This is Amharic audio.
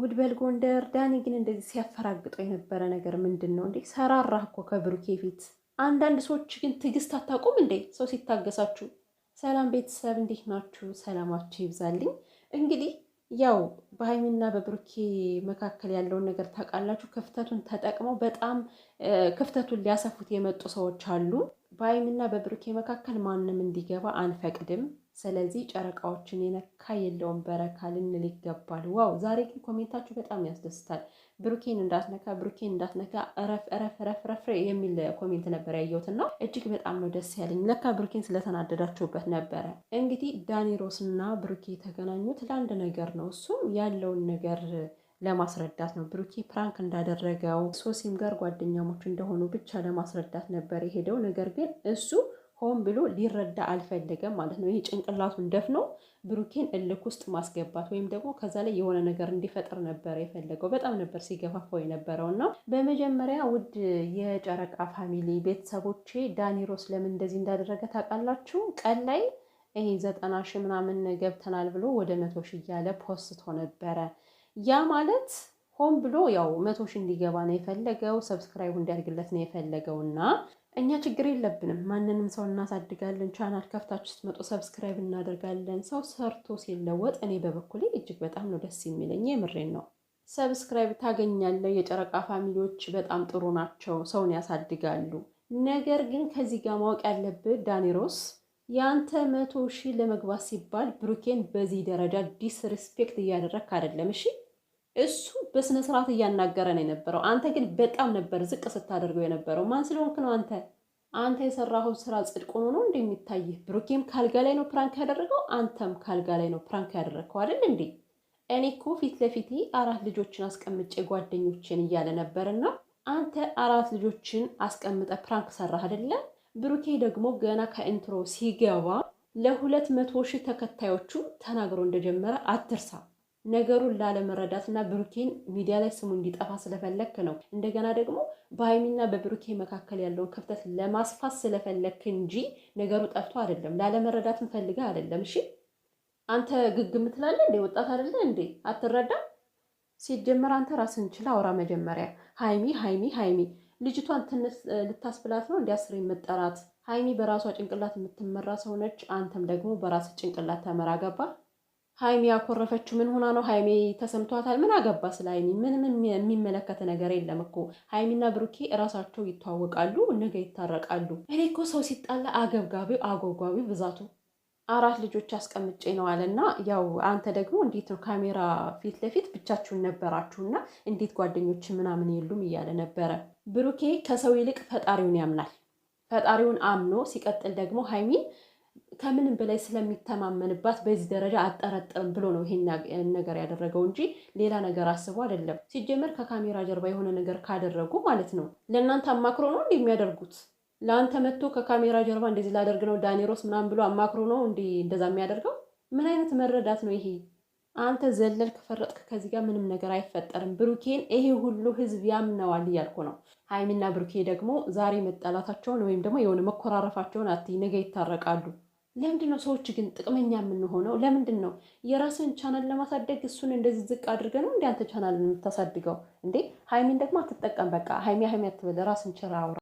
ጉድበል ጎንደር ዳኒ ግን እንደዚህ ሲያፈራግጠው የነበረ ነገር ምንድን ነው እንዴ? ሰራራህ እኮ ከብሩኬ ፊት። አንዳንድ ሰዎች ግን ትዕግስት አታውቁም እንዴ? ሰው ሲታገሳችሁ። ሰላም ቤተሰብ እንዴት ናችሁ? ሰላማችሁ ይብዛልኝ። እንግዲህ ያው በሀይሚና በብሩኬ መካከል ያለውን ነገር ታውቃላችሁ። ክፍተቱን ተጠቅመው በጣም ክፍተቱን ሊያሰፉት የመጡ ሰዎች አሉ። በሀይሚና በብሩኬ መካከል ማንም እንዲገባ አንፈቅድም ስለዚህ ጨረቃዎችን የነካ የለውም በረካ ልንል ይገባል። ዋው! ዛሬ ግን ኮሜንታችሁ በጣም ያስደስታል። ብሩኬን እንዳትነካ ብሩኬን እንዳትነካ ረፍ ረፍ ረፍ የሚል ኮሜንት ነበር ያየሁትና እጅግ በጣም ነው ደስ ያለኝ። ለካ ብሩኬን ስለተናደዳችሁበት ነበረ። እንግዲህ ዳኒሮስና ብሩኬ የተገናኙት ለአንድ ነገር ነው። እሱም ያለውን ነገር ለማስረዳት ነው። ብሩኬ ፕራንክ እንዳደረገው ሶሲም ጋር ጓደኛሞች እንደሆኑ ብቻ ለማስረዳት ነበር የሄደው ነገር ግን እሱ ሆን ብሎ ሊረዳ አልፈለገም ማለት ነው። ይሄ ጭንቅላቱን ደፍኖ ብሩኬን እልክ ውስጥ ማስገባት ወይም ደግሞ ከዛ ላይ የሆነ ነገር እንዲፈጠር ነበረ የፈለገው። በጣም ነበር ሲገፋፋው የነበረው እና በመጀመሪያ ውድ የጨረቃ ፋሚሊ ቤተሰቦቼ ዳኒሮስ ለምን እንደዚህ እንዳደረገ ታውቃላችሁ? ቀን ላይ ይሄ ዘጠና ምናምን ገብተናል ብሎ ወደ መቶ እያለ ፖስቶ ነበረ። ያ ማለት ሆን ብሎ ያው መቶ ሺህ እንዲገባ ነው የፈለገው፣ ሰብስክራይብ እንዲያድግለት ነው የፈለገው እና እኛ ችግር የለብንም። ማንንም ሰው እናሳድጋለን። ቻናል ከፍታችሁ ስትመጡ ሰብስክራይብ እናደርጋለን። ሰው ሰርቶ ሲለወጥ እኔ በበኩሌ እጅግ በጣም ነው ደስ የሚለኝ። የምሬን ነው። ሰብስክራይብ ታገኛለህ። የጨረቃ ፋሚሊዎች በጣም ጥሩ ናቸው፣ ሰውን ያሳድጋሉ። ነገር ግን ከዚህ ጋር ማወቅ ያለብህ ዳኒሮስ የአንተ መቶ ሺህ ለመግባት ሲባል ብሩኬን በዚህ ደረጃ ዲስሪስፔክት እያደረግክ አይደለም። እሺ እሱ በስነ ስርዓት እያናገረ ነው የነበረው። አንተ ግን በጣም ነበር ዝቅ ስታደርገው የነበረው። ማን ስለሆንክ ነው አንተ? አንተ የሰራኸው ስራ ጽድቅ ሆኖ ነው እንደ ብሩኬም ካልጋ ላይ ነው ፕራንክ ያደረገው፣ አንተም ካልጋ ላይ ነው ፕራንክ ያደረግከው አይደል እንዴ? እኔ እኮ ፊት ለፊቴ አራት ልጆችን አስቀምጬ ጓደኞችን እያለ ነበርና አንተ አራት ልጆችን አስቀምጠ ፕራንክ ሰራህ አይደለ? ብሩኬ ደግሞ ገና ከኢንትሮ ሲገባ ለሁለት መቶ ሺህ ተከታዮቹ ተናግሮ እንደጀመረ አትርሳ። ነገሩን ላለመረዳት እና ብሩኬን ሚዲያ ላይ ስሙ እንዲጠፋ ስለፈለክ ነው። እንደገና ደግሞ በሀይሚና በብሩኬ መካከል ያለውን ክፍተት ለማስፋት ስለፈለክ እንጂ ነገሩ ጠፍቶ አይደለም። ላለመረዳትም ፈልገ አይደለም። እሺ አንተ ግግ ምትላለህ እንዴ? ወጣት አይደለ እንዴ? አትረዳም? ሲጀመር አንተ ራስን ችል አውራ መጀመሪያ። ሀይሚ ሀይሚ ሀይሚ ልጅቷን ትንስ ልታስብላት ነው እንዲያስር የምጠራት ሀይሚ በራሷ ጭንቅላት የምትመራ ሰው ነች። አንተም ደግሞ በራስ ጭንቅላት ተመራ ገባ ሀይሜ ያኮረፈችው ምን ሆና ነው? ሀይሜ ተሰምቷታል? ምን አገባ ስለ ሀይሜ? ምንም የሚመለከት የሚመለከተ ነገር የለም እኮ ሀይሜና ብሩኬ እራሳቸው ይተዋወቃሉ፣ ነገ ይታረቃሉ። እኔ እኮ ሰው ሲጣላ አገብጋቢው አጓጓቢው ብዛቱ አራት ልጆች አስቀምጬ ነው አለና፣ ያው አንተ ደግሞ እንዴት ነው ካሜራ ፊት ለፊት ብቻችሁን ነበራችሁና እንዴት ጓደኞች ምናምን የሉም እያለ ነበረ። ብሩኬ ከሰው ይልቅ ፈጣሪውን ያምናል። ፈጣሪውን አምኖ ሲቀጥል ደግሞ ሀይሚን ከምንም በላይ ስለሚተማመንባት በዚህ ደረጃ አጠረጥርም ብሎ ነው ይሄን ነገር ያደረገው እንጂ ሌላ ነገር አስቦ አይደለም። ሲጀመር ከካሜራ ጀርባ የሆነ ነገር ካደረጉ ማለት ነው ለእናንተ አማክሮ ነው እንዲህ የሚያደርጉት። ለአንተ መጥቶ ከካሜራ ጀርባ እንደዚህ ላደርግ ነው ዳኒሮስ ምናምን ብሎ አማክሮ ነው እንዲህ እንደዛ የሚያደርገው። ምን አይነት መረዳት ነው ይሄ? አንተ ዘለል ከፈረጥክ ከዚህ ጋር ምንም ነገር አይፈጠርም። ብሩኬን ይሄ ሁሉ ህዝብ ያምነዋል እያልኩ ነው። ሀይሚና ብሩኬ ደግሞ ዛሬ መጣላታቸውን ወይም ደግሞ የሆነ መኮራረፋቸውን አትይ፣ ነገ ይታረቃሉ። ለምንድን ነው ሰዎች ግን ጥቅመኛ የምንሆነው? ለምንድን ነው የራስን ቻናል ለማሳደግ እሱን እንደዚህ ዝቅ አድርገ ነው እንዲ አንተ ቻናል የምታሳድገው እንዴ? ሀይሚን ደግሞ አትጠቀም። በቃ ሀይሚ ሀይሚ አትበል፣ ራስን ችራ አውራ።